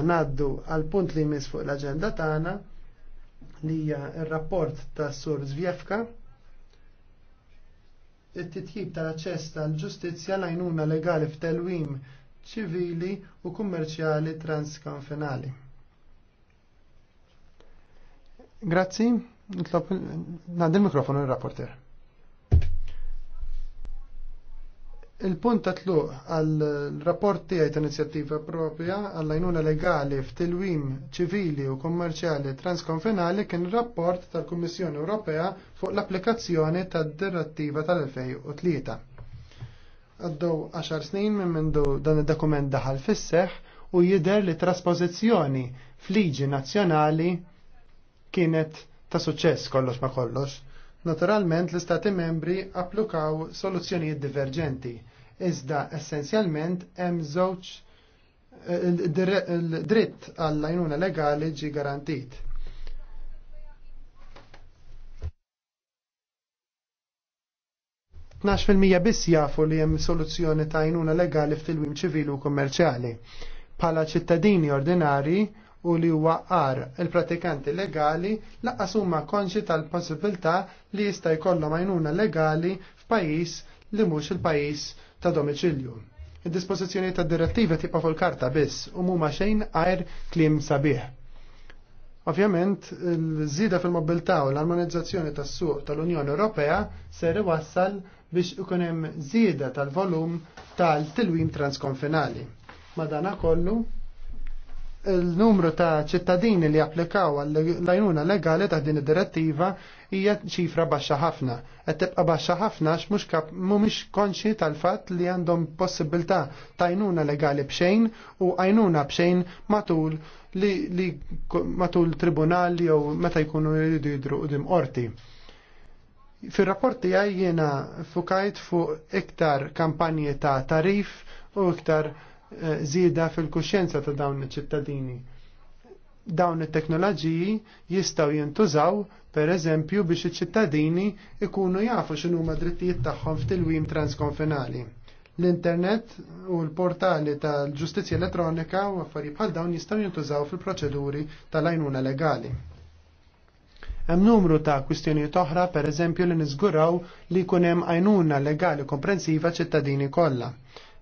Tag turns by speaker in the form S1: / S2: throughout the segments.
S1: Għanaddu għal punt li jmiss fuq l-agenda tagħna li hija r-rapport ta' Sur Zvjefka it-titjib tal-aċċess tal-ġustizzja l-għajnuna legali f'telwim ċivili u kummerċjali transkonfinali. Grazzi, nitlob l mikrofonu r rapporter Il-punt ta' tluq għal-rapport tiegħi ta' inizjattiva propja għall-għajnuna legali f'tilwim ċivili u kommerċjali transkonfinali kien rapport tal-Kummissjoni Ewropea fuq l-applikazzjoni tad-direttiva tal-2003. Għaddu 10 snin minn mindu dan id-dokument daħal fis-seħħ u jidher li traspożizzjoni fliġi nazzjonali kienet ta' suċċess kollox ma' kollox. Naturalment l-istati membri applukaw soluzzjonijiet diverġenti Iżda essenzjalment hemm żewġ eh, dritt għall-għajnuna legali ġi garantit. fil-mija biss jafu li hemm soluzzjoni ta' għajnuna legali fil ċivili ċivilu kummerċjali. bħala ċittadini ordinari u li huwa għar il-pratikanti legali laqqas huma konċi tal-possibilità li jista' jkollhom għajnuna legali f'pajjiż li mhux il-pajjiż ta' domiċilju. il dispożizzjoni ta' direttiva tibqa' fuq karta biss u mhuma xejn għajr klim sabiħ. Ovvjament, l żieda fil-mobilità u l-armonizzazzjoni tas-suq tal-Unjoni Ewropea ser iwassal biex ikun hemm żieda tal-volum tal-tilwim transkonfinali. Madana kollu, il-numru ta' ċittadini li applikaw l-ajnuna legali ta' din id-direttiva hija ċifra baxxa ħafna. Qed tibqa' baxxa ħafna x'mhux mhumiex konxi tal-fatt li għandhom possibilità ta' għajnuna legali bxejn u għajnuna bxejn matul li, li matul tribunali jew meta jkunu jridu jidru qudiem qorti. Fir-rapport tiegħi jiena fukajt fuq iktar kampanji ta' tarif u iktar żieda eh, fil-kuxjenza ta' dawn iċ-ċittadini. Dawn it-teknoloġiji jistgħu jintużaw pereżempju biex iċ-ċittadini ikunu jafu x'inhuma drittijiet tagħhom f'tilwim transkonfinali l-internet u l-portali tal-ġustizja elettronika u affarijiet bħal dawn jistgħu jintużaw fil-proċeduri tal-għajnuna legali. Hemm numru ta' kwistjonijiet oħra pereżempju li niżguraw li jkun hemm għajnuna legali komprensiva ċittadini kollha.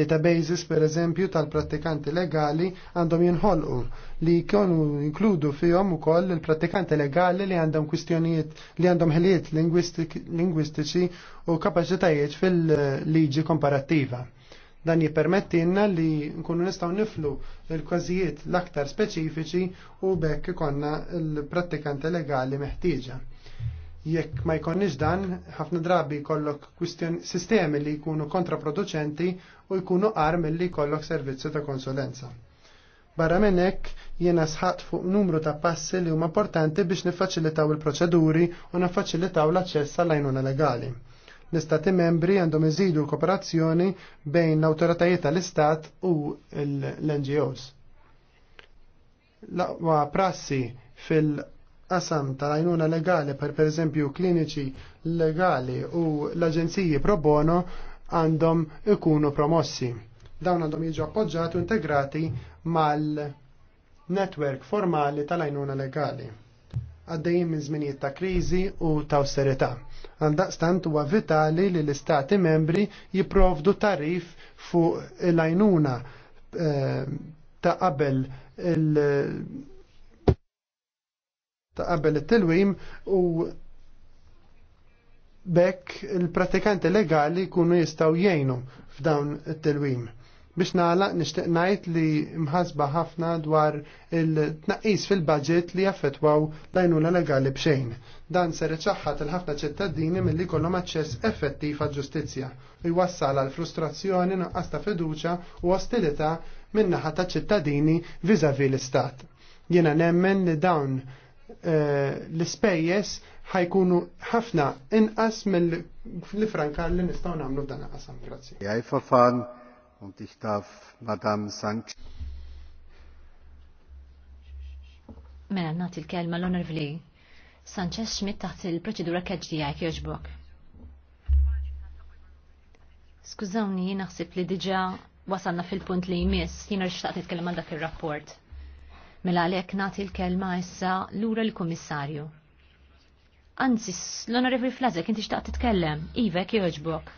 S1: Databases per eżempju tal-prattikanti legali għandhom jinħolqu li jkunu inkludu fihom ukoll il-prattikanti legali li għandhom kwistjonijiet li għandhom ħiliet lingwistiċi u kapaċitajiet fil-liġi komparattiva. Dan jippermettilna li nkunu nistgħu niflu il-kważijiet l-aktar speċifiċi u bekk konna il-prattikanti legali meħtieġa Jekk ma jkonniex dan, ħafna drabi jkollok kwistjon sistemi li jkunu kontraproducenti u jkunu arm li jkollok servizzi ta' konsulenza. Barra minn hekk jiena sħaqt fuq numru ta' passi li huma importanti biex niffaċilitaw il-proċeduri u niffaċilitaw l-aċċess għall-għajnuna legali l-istati membri għandhom iżidu l kooperazzjoni bejn l-autoritajiet tal-istat u l-NGOs. Laqwa prassi fil- qasam tal-għajnuna legali per pereżempju kliniċi legali u l-aġenziji pro bono għandhom ikunu promossi. Dawn għandhom jiġu appoġġati u integrati mal-netwerk formali tal-għajnuna legali għaddejjin minn żminijiet ta' kriżi u ta' austerità. Għandaqstant huwa vitali li l-istati membri jipprovdu tarif fuq l-għajnuna eh, ta' qabel il- ta' qabel it-tilwim u bekk il-pratikanti legali kunu jistaw jgħinu f'dawn it-tilwim. Biex naħlaq nishtiq ngħid li mħasba ħafna dwar il-tnaqqis fil-budget li jaffetwaw l la legali bxejn. Dan ser ċaħħat il-ħafna ċittadini milli kollhom aċċess effettiv għal-ġustizzja u jwassal għal frustrazzjoni nuqqas ta' fiduċa u ostilità min-naħa ta' ċittadini viżavi l-istat. Jiena nemmen li dawn Eh, l-spejjes ħajkunu ħafna inqas mill-franka li nistgħu nagħmlu f'dan qasam. Grazzi. Jaj fafan u tiħtaf Madam Sanch.
S2: Mela nagħti l-kelma l-Onorvli. Sanchez Schmidt taħt il-proċedura għajk jogħġbok. Skużawni, naħseb li diġa wasalna fil-punt li jmiss, jina rċtaqt titkellem għal dak ir rapport Mela għalhekk nagħti l-kelma issa lura l-Kummissarju. Anzi, l-Onorevoli Flazek, inti xtaqt titkellem. Ivek jogħġbok.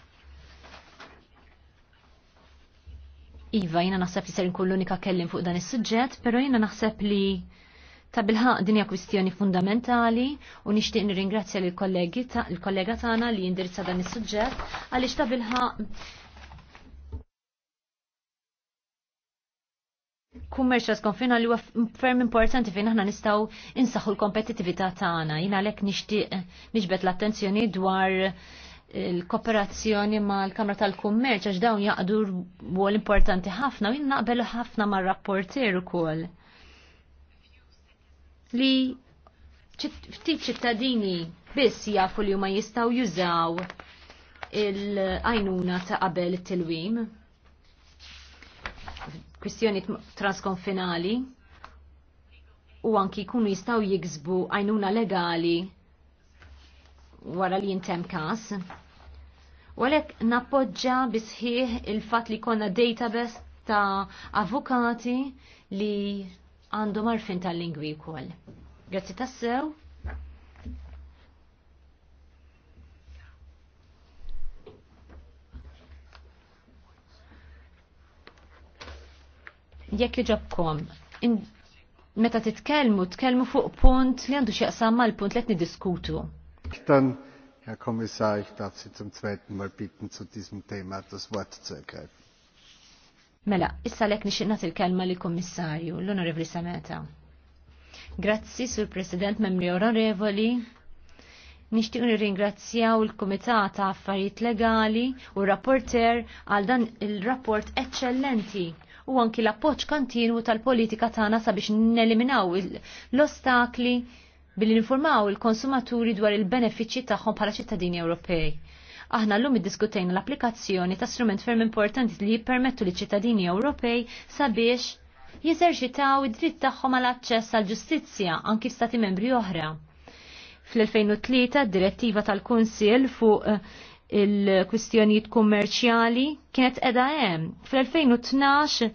S2: Iva, jina naħseb li ser kullu nika kellim fuq dan is-suġġett, però jina naħseb li ta' bilħaq dinja kwistjoni fundamentali u nixtieq nirringrazzja l-kollega tagħna li jindirizza dan is-suġġett għaliex ta' bilħaq kummerċ skonfina li huwa ferm importanti fejn aħna nistgħu insaħu l-kompetittività tagħna. Jien għalhekk nixtieq niġbed l-attenzjoni dwar il-kooperazzjoni ma l-Kamra tal-Kummerċ għax dawn jaqdu wol importanti ħafna u naqbelu naqbel ħafna ma' rapporter ukoll. Li ftit ċittadini biss jafu li huma jistgħu jużaw il-għajnuna ta' qabel it-tilwim kwistjoni transkonfinali u anki jkunu jistaw jiksbu għajnuna legali wara li jintem kas. Walek nappoġġa bisħiħ il-fat li konna database ta' avukati li għandhom arfin tal-lingwi wkoll. Grazzi tassew. jekk iġobkom meta titkellmu tkellmu fuq punt li għandu xieqsam mal-punt li qed niddiskutu.
S1: Herr Kommissar, ich darf Sie zum zweiten Mal bitten, zu diesem Thema das Wort zu ergreifen.
S2: Mela, issa lek nixiqnat il-kelma li kommissarju, l-Onorevoli Sameta. Grazzi, Sur President, memri onorevoli. Nishtiq nirringrazzjaw il l ta' Affarijiet Legali u rapporter għal dan il-rapport eccellenti u anki l-appoġġ kantinu tal-politika tagħna sabiex neliminaw l-ostakli billi informaw il-konsumaturi dwar il-benefiċċji tagħhom bħala ċittadini Ewropej. Aħna llum iddiskutejna l-applikazzjoni ta' strument ferm importanti li jippermettu li ċittadini Ewropej sabiex jeżerċitaw id-dritt tagħhom għal aċċess għal ġustizzja anki f'stati membri oħra. Fl-2003 d-direttiva tal-Kunsil fuq eh, il-kwistjonijiet kummerċjali kienet edha hemm. Fl-2012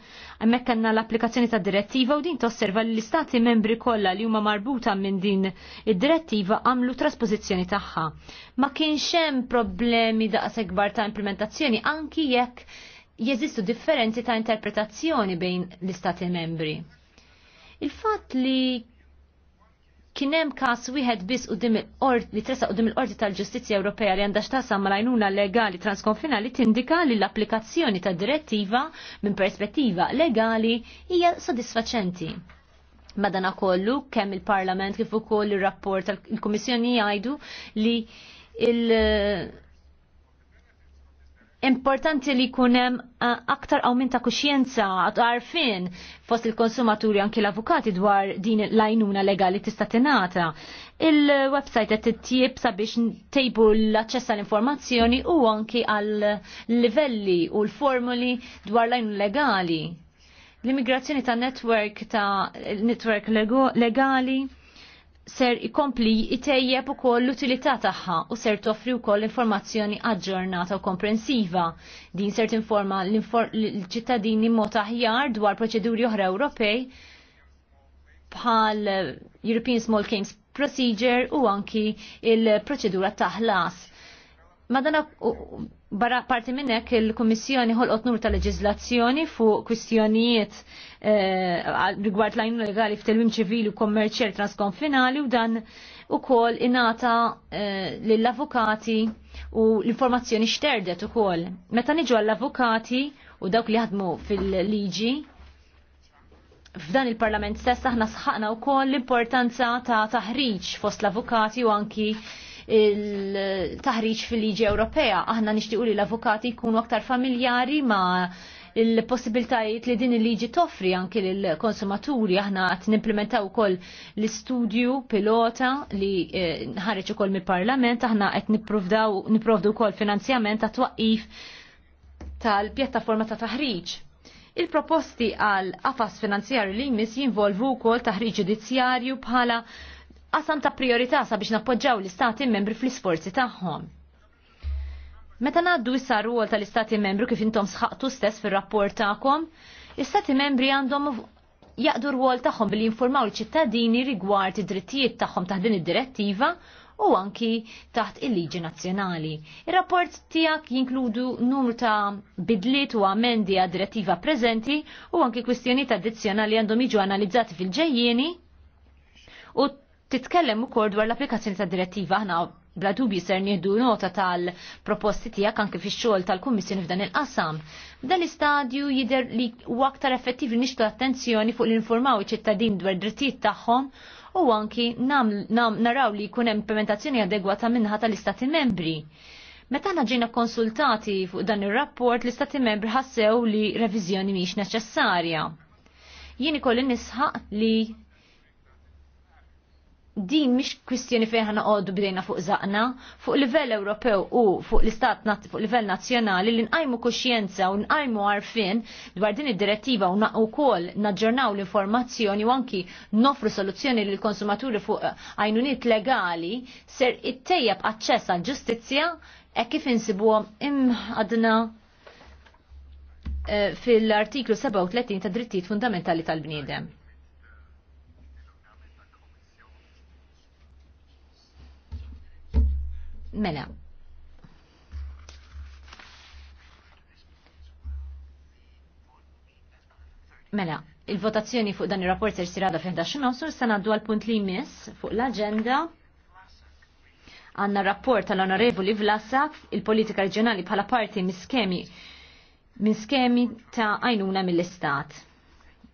S2: hemmhekk għandna l-applikazzjoni ta' direttiva u din tosserva li l-istati membri kollha li huma marbuta minn din id-direttiva għamlu traspożizzjoni tagħha. Ma kienx hemm problemi daqshekk kbar ta' implementazzjoni anki jekk jeżistu differenzi ta' interpretazzjoni bejn l-istati membri. Il-fatt li Kien hemm każ wieħed biss il-Qorti li tresa dim il-Qorti tal-Ġustizzja Ewropea li għandha x'tasam mal-għajnuna legali transkonfinali tindika li l-applikazzjoni ta' direttiva minn perspettiva legali hija sodisfaċenti. Madana kollu kemm il-Parlament kif ukoll ir-rapport tal-Kummissjoni jgħidu li il- importanti li kunem eh, aktar għaw minn ta' kuxjenza għat għarfin fost il-konsumaturi anki l-avukati dwar din lajnuna legali tista' tinata. Il-website qed titjieb sabiex tejbu l-aċċess għall-informazzjoni u anki għal livelli u l-formuli dwar lajnuna legali. L-immigrazzjoni ta' network ta' network legali ser ikompli jitejjeb ukoll l-utilità tagħha u ser toffri wkoll informazzjoni aġġornata u komprensiva. Din ser tinforma l-ċittadini mod aħjar dwar proċeduri oħra Ewropej bħal European Small Claims Procedure u anki il-proċedura taħlas Madana barra parti minnek il-Komissjoni ħolqot nur ta' leġizlazzjoni fuq kwistjonijiet eh, rigward lajn legali f'telwim ċivili u kommerċjal transkonfinali u dan u kol inata eh, l-avukati u l-informazzjoni xterdet u kol. Meta niġu għall-avukati u dawk li ħadmu fil-liġi f'dan il-parlament stess aħna sħaqna u kol l-importanza ta' taħriġ fost l-avukati u anki il-taħriġ fil-liġi Ewropea. Aħna nixtiequ li l-avukati jkunu aktar familjari ma' il-possibiltajiet li din il-liġi toffri anki l-konsumaturi. Aħna għat nimplementaw kol l istudju pilota li eh, ħareċ ukoll kol parlament aħna għat nipprovdu kol finanzjament ta' twaqqif tal-pjattaforma ta' taħriġ. Il-proposti għal qafas finanzjarju li jmiss jinvolvu kol taħriġ ġudizzjarju bħala qasam ta' priorità sabiex nappoġġaw l-istati membri fl-isforzi tagħhom. Meta ngħaddu issa rwol tal-istati membri kif intom sħaqtu stess fir-rapport tagħkom, l-istati membri għandhom jaqdu rwol tagħhom billi jinformaw l-ċittadini rigward id-drittijiet tagħhom taħt din id-direttiva u anki taħt il-liġi nazzjonali. Ir-rapport tiegħek jinkludu numru ta' bidliet u amendi għad direttiva preżenti u anki kwistjonijiet addizzjonali għandhom jiġu analizzati fil-ġejjieni u titkellem ukoll dwar l-applikazzjoni ta' direttiva aħna bla dubju ser nieħdu nota tal-proposti tiegħek anke fix-xogħol tal-Kummissjoni f'dan il-qasam. Dan l-istadju jidher li u aktar effettivi nixtu attenzjoni fuq l-informaw iċ-ċittadin dwar drittijiet tagħhom u anki nam, nam, naraw li jkun hemm implementazzjoni adegwata minnaħa tal-Istati membri. Meta aħna konsultati fuq dan ir-rapport, l-Istati membri ħassew li reviżjoni mhix neċessarja. Jien ikolli nisħaq li din mhix kwistjoni fejn ħana qogħdu bdejna fuq zaqna, fuq livell Ewropew u fuq l-istat fuq livell nazzjonali li nqajmu kuxjenza u nqajmu għarfien dwar din id-direttiva u wkoll naġġornaw l-informazzjoni u anki nofru soluzzjoni lil konsumaturi fuq għajnuniet legali ser ittejjeb aċċess għal ġustizzja e kif insibuhom imħadna eh, fil-artiklu 37 ta' drittijiet fundamentali tal-bniedem. Mela. Mela, il-votazzjoni fuq dan ir-rapport ser sirada fi 11 nofsur se ngħaddu għal punt li jmiss fuq l-aġenda għanna rapport tal-Onorevoli Vlasak il-politika reġjonali bħala parti miskemi miskemi ta' għajnuna mill-Istat.